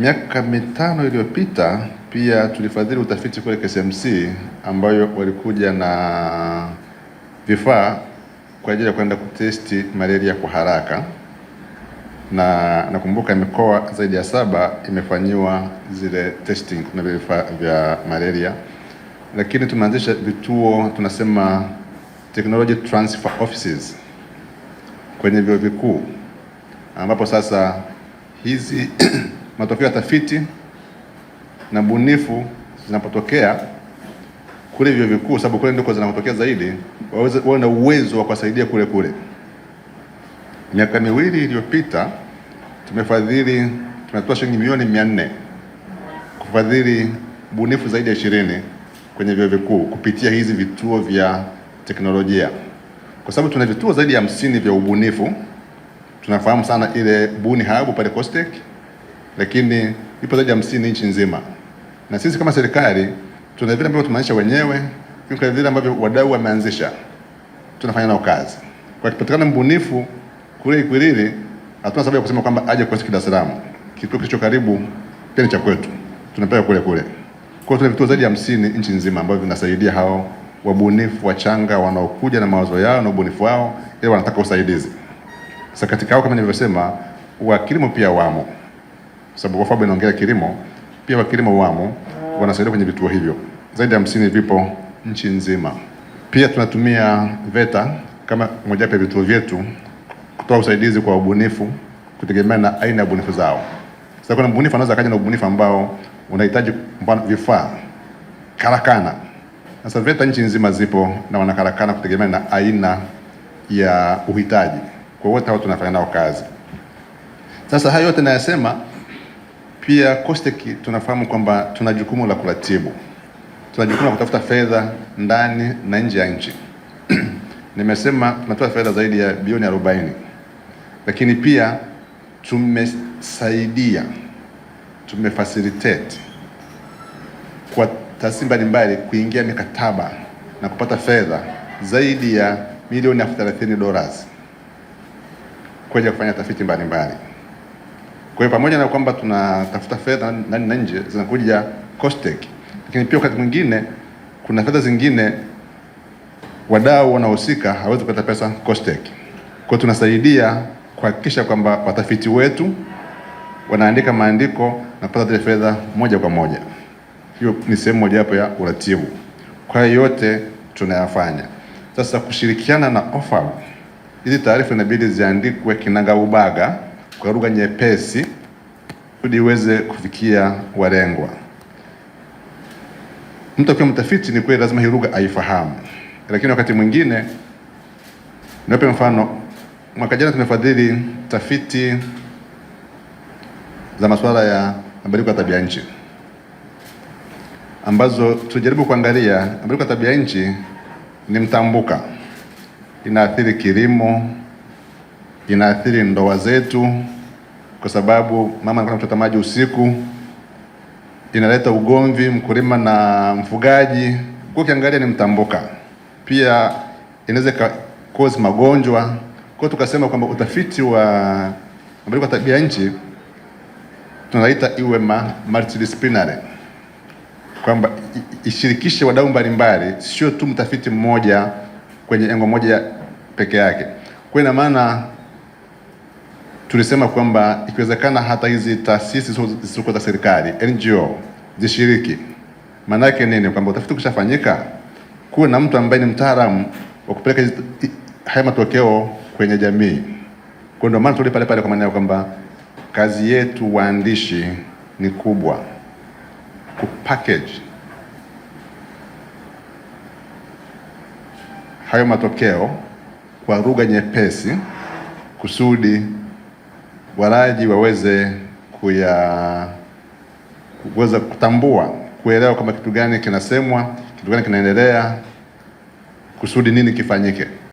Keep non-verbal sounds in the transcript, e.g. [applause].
Miaka mitano iliyopita pia tulifadhili utafiti kule KSMC ambayo walikuja na vifaa kwa ajili ya kwenda kutesti malaria kwa haraka, na nakumbuka mikoa zaidi ya saba imefanyiwa zile testing na vifaa vya malaria, lakini tumeanzisha vituo tunasema technology transfer offices kwenye vyuo vikuu ambapo sasa hizi [clears throat] matokeo ya tafiti na bunifu zinapotokea kule vyuo vikuu, sababu kule ndiko zinapotokea zaidi, wawe na uwezo wa kuwasaidia kule kule. Miaka miwili iliyopita tumefadhili, tumetoa shilingi milioni mia nne kufadhili bunifu zaidi ya ishirini kwenye vyuo vikuu kupitia hizi vituo vya teknolojia, kwa sababu tuna vituo zaidi ya hamsini vya ubunifu. Tunafahamu sana ile Buni Hub pale Costech lakini ipo zaidi ya hamsini nchi nzima, na sisi kama serikali tuna vile ambavyo tumeanzisha wenyewe, kuna vile ambavyo wadau wameanzisha, tunafanya nao kazi. Kwa kupatikana mbunifu kule Ikwiriri, hatuna sababu ya kusema kwamba aje kwa Dar es Salaam. Kituo kilicho karibu pia ni cha kwetu, tunapeleka kule kule. Kwa hiyo tuna vituo zaidi ya hamsini nchi nzima ambavyo vinasaidia hao wabunifu wachanga wanaokuja na mawazo yao na ubunifu wao, ili wanataka usaidizi. Sasa katika hao kama nilivyosema, wa kilimo pia wamo sababu kwa sababu inaongea kilimo, pia wa kilimo wamo wanasaidia kwenye vituo hivyo, zaidi ya hamsini vipo nchi nzima. Pia tunatumia VETA kama mojawapo ya vituo vyetu kutoa usaidizi kwa ubunifu kutegemea na aina ya ubunifu zao. Sasa kuna mbunifu anaweza kaja na ubunifu ambao unahitaji mfano vifaa, karakana. Sasa VETA nchi nzima zipo na wanakarakana kutegemea na aina ya uhitaji. Kwa wote hao tunafanya nao kazi. Sasa hayo yote nayasema pia COSTECH tunafahamu kwamba tuna jukumu la kuratibu, tuna jukumu la kutafuta fedha ndani na nje ya nchi [clears throat] nimesema tunatoa fedha zaidi ya bilioni arobaini, lakini pia tumesaidia, tumefacilitate kwa taasisi mbalimbali kuingia mikataba na kupata fedha zaidi ya milioni elfu thelathini dollars ya kufanya tafiti mbalimbali. Kwa hiyo pamoja na kwamba tunatafuta fedha ndani na nje zinakuja COSTECH, lakini pia wakati mwingine kuna fedha zingine wadau wanaohusika hawezi kupata pesa COSTECH. Kwa hiyo tunasaidia kuhakikisha kwamba watafiti wetu wanaandika maandiko na kupata zile fedha moja kwa moja. Hiyo ni sehemu mojawapo ya uratibu. Kwa hiyo yote tunayafanya. Sasa kushirikiana na OFAB, hizi taarifa inabidi ziandikwe kinaga ubaga kwa lugha nyepesi ili iweze kufikia walengwa. Mtu akiwa mtafiti, ni kweli lazima hii lugha aifahamu, lakini wakati mwingine, niwape mfano. Mwaka jana tumefadhili tafiti za masuala ya mabadiliko ya tabia nchi ambazo tujaribu kuangalia mabadiliko ya tabia nchi ni mtambuka, inaathiri kilimo inaathiri ndoa zetu, kwa sababu mama anakwenda kuchota maji usiku, inaleta ugomvi mkulima na mfugaji, kwa ukiangalia ni mtambuka. Pia inaweza cause magonjwa. Kwa tukasema kwamba utafiti wa mabadiliko ya tabia nchi tunaita iwe ma, multidisciplinary kwamba ishirikishe wadau mbalimbali, sio tu mtafiti mmoja kwenye engo moja peke yake. Kwa ina maana tulisema kwamba ikiwezekana hata hizi taasisi zisizokuwa za serikali NGO zishiriki. Maana yake nini? Kwamba utafiti ukishafanyika kuwe na mtu ambaye ni mtaalamu wa kupeleka haya matokeo kwenye jamii. Kwa ndio maana tuli pale pale, kwa maana ya kwamba kazi yetu waandishi ni kubwa, ku package hayo matokeo kwa lugha nyepesi kusudi walaji waweze kuya kuweza kutambua kuelewa kama kitu gani kinasemwa, kitu gani kinaendelea, kusudi nini kifanyike.